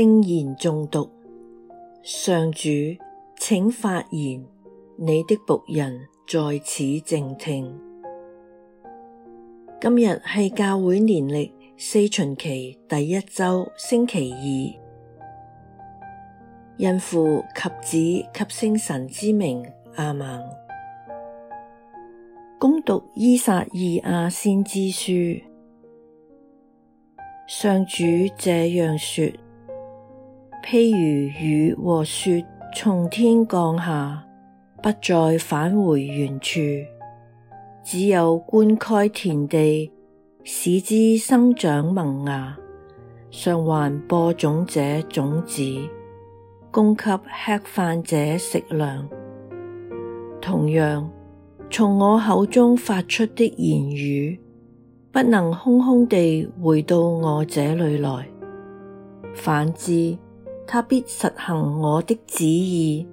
聖言誦讀，上主，請發言，你的僕人在此靜聽。今日係教會年曆四旬期第一周星期二，因父及子及聖神之名，阿們，恭讀依撒意亞先知書，上主這樣說。譬如雨和雪從天降下，不再返回原處，只有灌溉田地，使之生長萌芽，償還播種者種子，供給吃飯者食糧。同樣，從我口中發出的言語，不能空空地回到我這裏來，反之。他必實行我的旨意，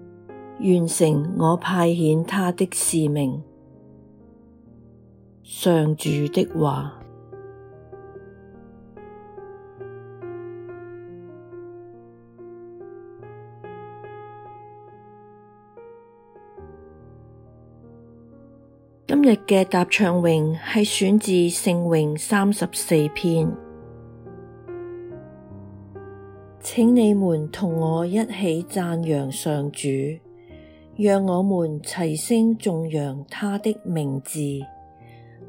完成我派遣他的使命。上主的話。今日嘅答唱詠係選自聖詠三十四篇。請你們同我一起讚揚上主，讓我們齊聲頌揚他的名字。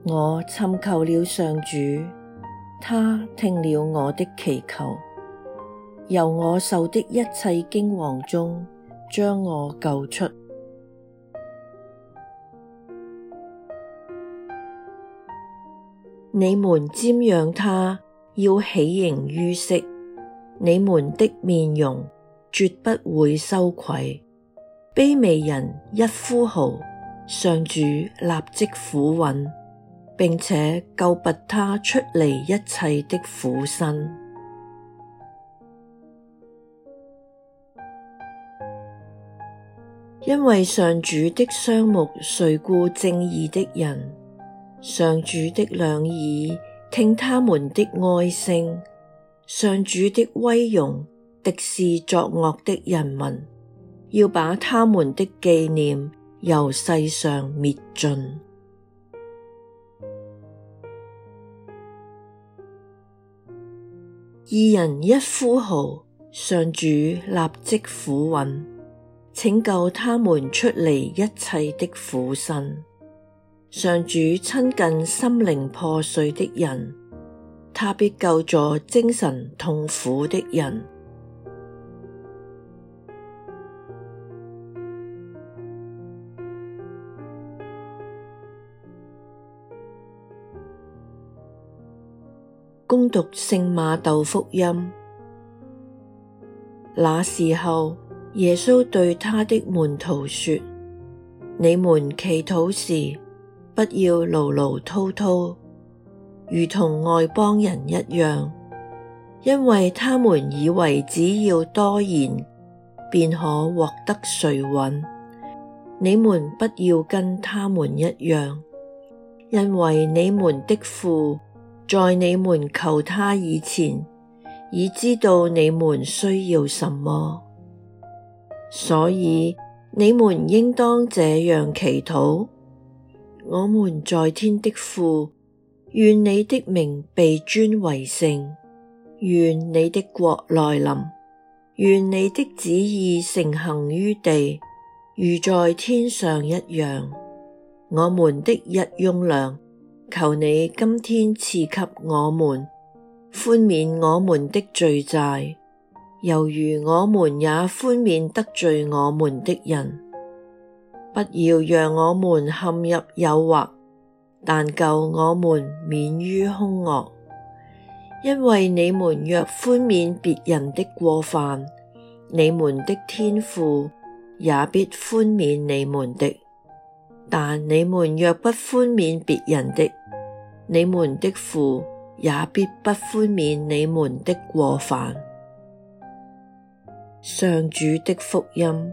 我尋求了上主，他聽了我的祈求，由我受的一切驚惶中將我救出。 你們瞻仰他，要喜形於色。你們的面容絕不會羞愧，卑微人一呼號，上主立即俯允，並且救拔他出離一切的苦辛，因為上主的雙目垂顧正義的人，上主的兩耳聽他們的哀聲。上主的威容敵視作惡的人民，要把他們的記念由世上滅盡。義人一呼號，上主立即俯允，拯救他們出離一切的苦辛。上主親近心靈破碎的人。他必救助精神痛苦的人。恭讀聖瑪竇福音。那時候，耶穌對他的門徒說：你們祈禱時，不要嘮嘮叨叨。如同外邦人一樣，因為他們以為只要多言，便可獲得垂允。你們不要跟他們一樣，因為你們的父在你們求他以前已知道你們需要什麼，所以你們應當這樣祈禱：我們在天的父。願你的名被尊為聖，願你的國來臨，願你的旨意承行於地，如在天上一樣。我們的日用糧，求你今天賜給我們，寬免我們的罪債，猶如我們也寬免得罪我們的人。不要讓我們陷入誘惑。但救我們免於凶惡，因為你們若寬免別人的過犯，你們的天父也必寬免你們的；但你們若不寬免別人的，你們的父也必不寬免你們的過犯。—上主的福音。